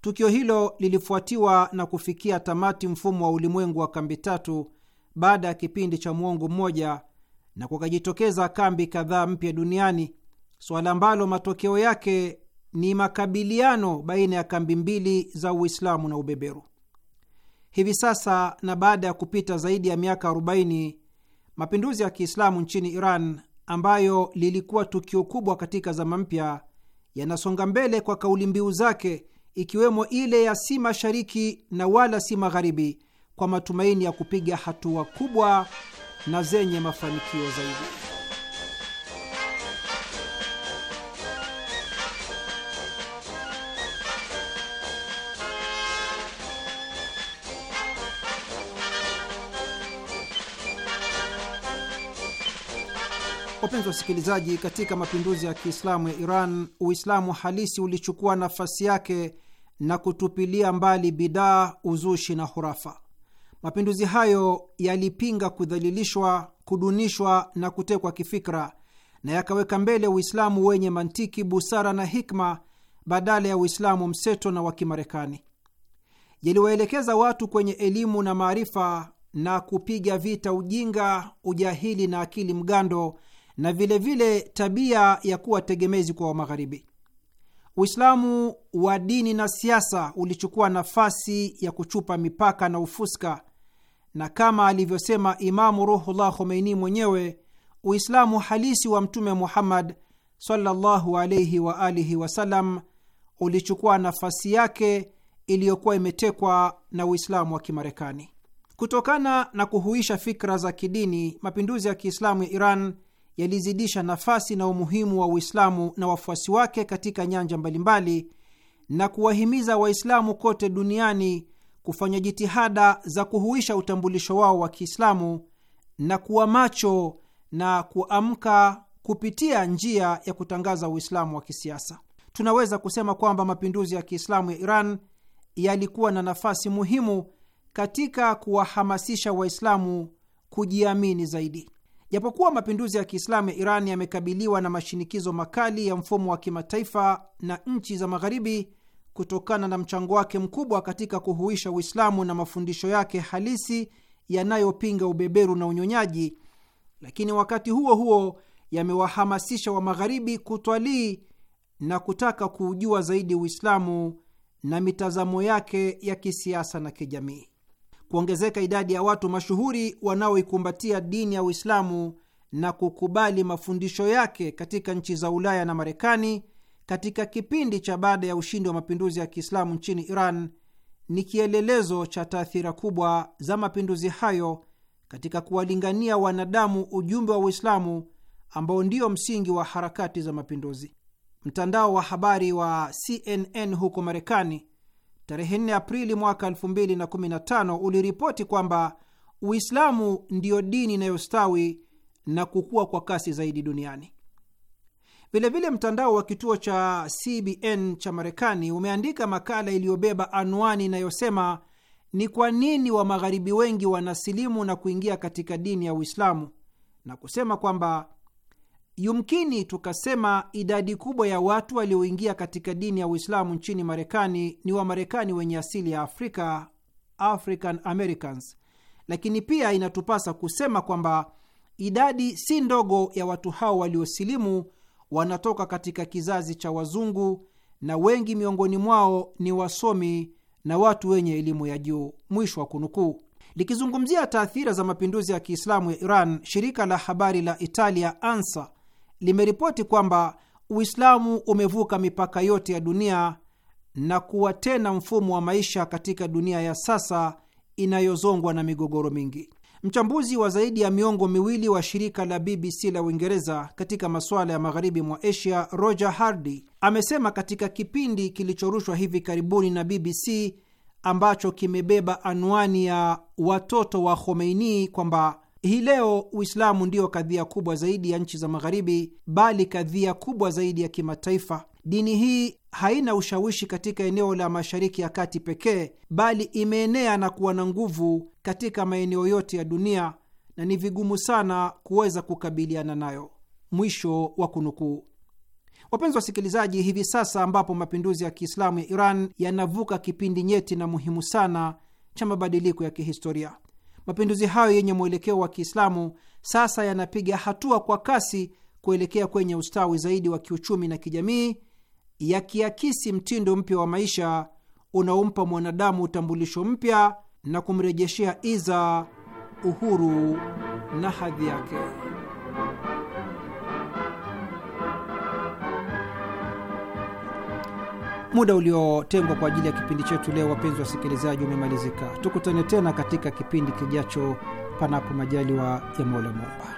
Tukio hilo lilifuatiwa na kufikia tamati mfumo wa ulimwengu wa kambi tatu baada ya kipindi cha muongo mmoja na kukajitokeza kambi kadhaa mpya duniani, suala ambalo matokeo yake ni makabiliano baina ya kambi mbili za Uislamu na ubeberu. Hivi sasa na baada ya kupita zaidi ya miaka 40 mapinduzi ya Kiislamu nchini Iran ambayo lilikuwa tukio kubwa katika zama mpya yanasonga mbele kwa kauli mbiu zake ikiwemo ile ya si mashariki na wala si magharibi, kwa matumaini ya kupiga hatua kubwa na zenye mafanikio zaidi. Wapenzi wasikilizaji, katika mapinduzi ya Kiislamu ya Iran, Uislamu halisi ulichukua nafasi yake na kutupilia mbali bidaa, uzushi na hurafa. Mapinduzi hayo yalipinga kudhalilishwa, kudunishwa na kutekwa kifikra na yakaweka mbele Uislamu wenye mantiki, busara na hikma badala ya Uislamu mseto na wa Kimarekani. Yaliwaelekeza watu kwenye elimu na maarifa na kupiga vita ujinga, ujahili na akili mgando na vilevile vile tabia ya kuwa tegemezi kwa Wamagharibi. Uislamu wa dini na siasa ulichukua nafasi ya kuchupa mipaka na ufuska na kama alivyosema Imamu Ruhullah Khomeini mwenyewe, Uislamu halisi wa Mtume Muhammad sallallahu alayhi wa alihi wasallam ulichukua nafasi yake iliyokuwa imetekwa na Uislamu wa Kimarekani. Kutokana na kuhuisha fikra za kidini, mapinduzi ya Kiislamu ya Iran yalizidisha nafasi na umuhimu wa Uislamu na wafuasi wake katika nyanja mbalimbali na kuwahimiza Waislamu kote duniani kufanya jitihada za kuhuisha utambulisho wao wa Kiislamu na kuwa macho na kuamka kupitia njia ya kutangaza Uislamu wa kisiasa. Tunaweza kusema kwamba mapinduzi ya Kiislamu ya Iran yalikuwa na nafasi muhimu katika kuwahamasisha Waislamu kujiamini zaidi. Japokuwa mapinduzi ya Kiislamu ya Iran yamekabiliwa na mashinikizo makali ya mfumo wa kimataifa na nchi za Magharibi, kutokana na mchango wake mkubwa katika kuhuisha Uislamu na mafundisho yake halisi yanayopinga ubeberu na unyonyaji, lakini wakati huo huo yamewahamasisha wa Magharibi kutwalii na kutaka kuujua zaidi Uislamu na mitazamo yake ya kisiasa na kijamii. Kuongezeka idadi ya watu mashuhuri wanaoikumbatia dini ya Uislamu na kukubali mafundisho yake katika nchi za Ulaya na Marekani katika kipindi cha baada ya ushindi wa mapinduzi ya Kiislamu nchini Iran ni kielelezo cha taathira kubwa za mapinduzi hayo katika kuwalingania wanadamu ujumbe wa Uislamu ambao ndio msingi wa harakati za mapinduzi. Mtandao wa habari wa CNN huko Marekani tarehe 4 Aprili mwaka 2015 uliripoti kwamba Uislamu ndiyo dini inayostawi na kukua kwa kasi zaidi duniani. Vilevile mtandao wa kituo cha CBN cha Marekani umeandika makala iliyobeba anwani inayosema ni kwa nini wa magharibi wengi wanasilimu na kuingia katika dini ya Uislamu, na kusema kwamba yumkini tukasema idadi kubwa ya watu walioingia katika dini ya Uislamu nchini Marekani ni Wamarekani wenye asili ya Afrika, African Americans, lakini pia inatupasa kusema kwamba idadi si ndogo ya watu hao waliosilimu wanatoka katika kizazi cha wazungu na wengi miongoni mwao ni wasomi na watu wenye elimu ya juu. Mwisho wa kunukuu. Likizungumzia taathira za mapinduzi ya Kiislamu ya Iran, shirika la habari la Italia ANSA limeripoti kwamba Uislamu umevuka mipaka yote ya dunia na kuwa tena mfumo wa maisha katika dunia ya sasa inayozongwa na migogoro mingi mchambuzi wa zaidi ya miongo miwili wa shirika la BBC la Uingereza katika masuala ya magharibi mwa Asia, Roger Hardy amesema katika kipindi kilichorushwa hivi karibuni na BBC ambacho kimebeba anwani ya watoto wa Khomeini kwamba hii leo Uislamu ndiyo kadhia kubwa zaidi ya nchi za Magharibi, bali kadhia kubwa zaidi ya kimataifa. Dini hii haina ushawishi katika eneo la Mashariki ya Kati pekee, bali imeenea na kuwa na nguvu katika maeneo yote ya dunia na ni vigumu sana kuweza kukabiliana nayo. Mwisho wa kunukuu. Wapenzi wasikilizaji, hivi sasa ambapo mapinduzi ya Kiislamu ya Iran yanavuka kipindi nyeti na muhimu sana cha mabadiliko ya kihistoria, mapinduzi hayo yenye mwelekeo wa Kiislamu sasa yanapiga hatua kwa kasi kuelekea kwenye ustawi zaidi wa kiuchumi na kijamii yakiakisi mtindo mpya wa maisha unaompa mwanadamu utambulisho mpya na kumrejeshea iza, uhuru na hadhi yake. Muda uliotengwa kwa ajili ya kipindi chetu leo, wapenzi wasikilizaji, umemalizika. Tukutane tena katika kipindi kijacho, panapo majaliwa ya Mola Muumba.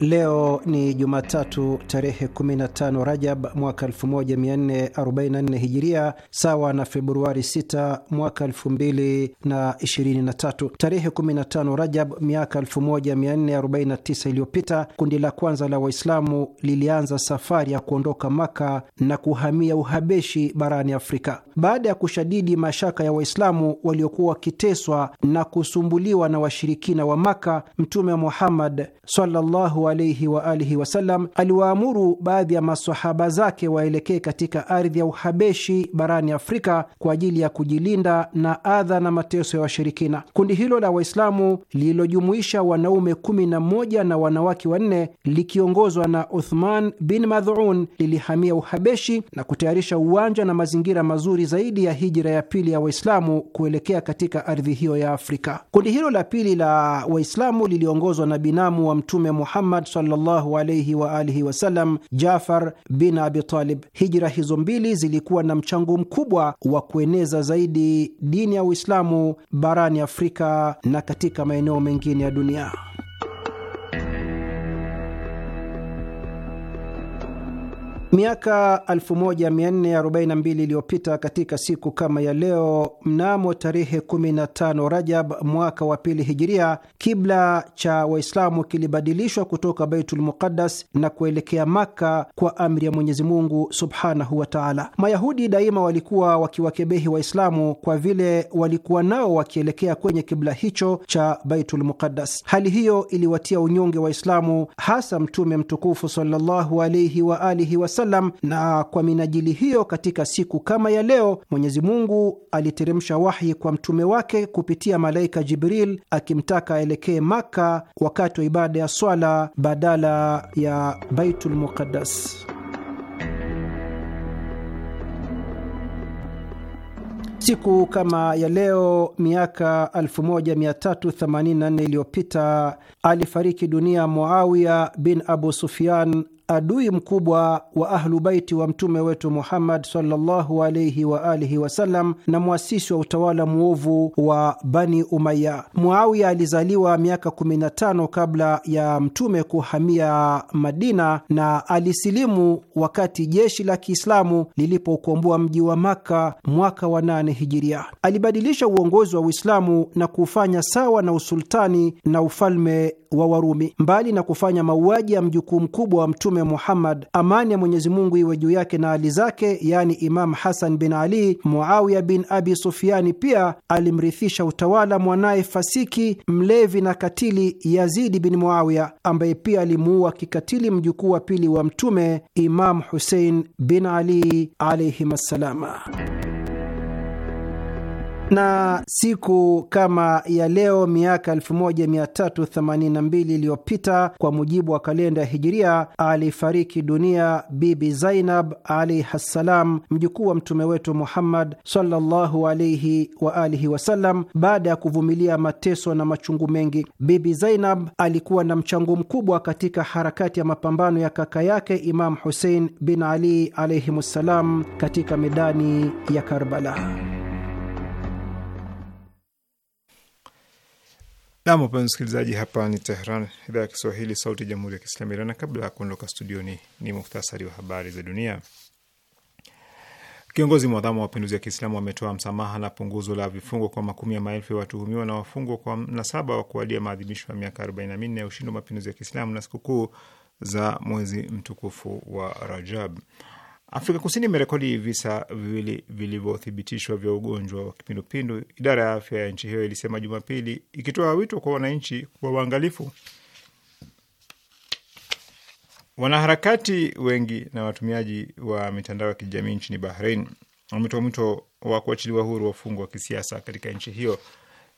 Leo ni Jumatatu tarehe 15 Rajab mwaka 1444 Hijiria, sawa na Februari 6 mwaka 2023. Tarehe 15 Rajab miaka 1449 iliyopita, kundi la kwanza la Waislamu lilianza safari ya kuondoka Maka na kuhamia Uhabeshi barani Afrika baada ya kushadidi mashaka ya Waislamu waliokuwa wakiteswa na kusumbuliwa na washirikina wa Maka. Mtume Muhammad sallallahu alaihi wa alihi wasallam aliwaamuru baadhi ya masahaba zake waelekee katika ardhi ya Uhabeshi barani Afrika kwa ajili ya kujilinda na adha na mateso ya washirikina. Kundi hilo la Waislamu lililojumuisha wanaume kumi na moja na wanawake wanne likiongozwa na Uthman bin Madhuun lilihamia Uhabeshi na kutayarisha uwanja na mazingira mazuri zaidi ya hijira ya pili ya Waislamu kuelekea katika ardhi hiyo ya Afrika. Kundi hilo la pili la Waislamu liliongozwa na binamu wa Mtume Muhammad Muhammad sallallahu alayhi wa alihi wasallam, Jafar bin Abi Talib. Hijra hizo mbili zilikuwa na mchango mkubwa wa kueneza zaidi dini ya Uislamu barani Afrika na katika maeneo mengine ya dunia. Miaka 1442 iliyopita katika siku kama ya leo, mnamo tarehe 15 Rajab mwaka wa pili Hijiria, kibla cha Waislamu kilibadilishwa kutoka Baitul Muqaddas na kuelekea Makka kwa amri ya Mwenyezi Mungu subhanahu wa taala. Mayahudi daima walikuwa wakiwakebehi Waislamu kwa vile walikuwa nao wakielekea kwenye kibla hicho cha Baitul Muqaddas. Hali hiyo iliwatia unyonge Waislamu, hasa Mtume mtukufu sallallahu alaihi wa alihi wa wasallam, na kwa minajili hiyo, katika siku kama ya leo, Mwenyezi Mungu aliteremsha wahi kwa mtume wake kupitia malaika Jibril akimtaka aelekee Maka wakati wa ibada ya swala badala ya Baitul Muqaddas. Siku kama ya leo miaka 1384 iliyopita alifariki dunia Muawiya bin Abu Sufyan adui mkubwa wa Ahlu Baiti wa mtume wetu Muhammad sallallahu alaihi wa alihi wasallam na mwasisi wa utawala mwovu wa Bani Umaya. Muawiya alizaliwa miaka 15 kabla ya mtume kuhamia Madina na alisilimu wakati jeshi la Kiislamu lilipoukomboa mji wa Makka mwaka wa 8 Hijiria. Alibadilisha uongozi wa Uislamu na kuufanya sawa na usultani na ufalme wa Warumi. Mbali na kufanya mauaji ya mjukuu mkubwa wa Mtume Muhammad, amani ya Mwenyezi Mungu iwe juu yake na hali zake, yaani Imam Hasan bin Ali, Muawiya bin Abi Sufiani pia alimrithisha utawala mwanaye fasiki, mlevi na katili Yazidi bin Muawiya, ambaye pia alimuua kikatili mjukuu wa pili wa Mtume, Imam Husein bin Ali alaihim assalama. Na siku kama ya leo miaka 1382 iliyopita kwa mujibu wa kalenda ya Hijiria, alifariki dunia Bibi Zainab alaihi ssalam, mjukuu wa mtume wetu Muhammad sallallahu alaihi wa alihi wasallam, baada ya kuvumilia mateso na machungu mengi. Bibi Zainab alikuwa na mchango mkubwa katika harakati ya mapambano ya kaka yake Imam Husein bin Ali alaihim katika medani ya Karbala. Nam, wapenzi msikilizaji, hapa ni Tehran, idhaa ya Kiswahili, sauti ya jamhuri ya kiislamu Iran. Na kabla ya kuondoka studioni, ni muhtasari wa habari za dunia. Kiongozi mwadhamu wa mapinduzi ya Kiislamu ametoa msamaha na punguzo la vifungo kwa makumi ya maelfu ya watuhumiwa na wafungwa kwa mnasaba wa kuadia maadhimisho ya miaka 44 ya ushindi wa mapinduzi ya Kiislamu na sikukuu za mwezi mtukufu wa Rajab. Afrika Kusini imerekodi visa viwili vilivyothibitishwa vya ugonjwa wa kipindupindu, idara ya afya ya nchi hiyo ilisema Jumapili, ikitoa wito kwa wananchi kwa uangalifu. Wanaharakati wengi na watumiaji wa mitandao ya kijamii nchini Bahrain wametoa mwito wa kuachiliwa huru wafungwa wa kisiasa katika nchi hiyo.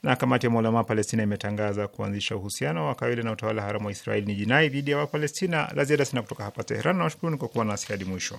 Na kamati ya wa Palestina imetangaza kuanzisha uhusiano wa kawaida na utawala haramu wa Israeli ni jinai dhidi ya Wapalestina. La ziada sina kutoka hapa Teheran na kwa kuwa nasi hadi mwisho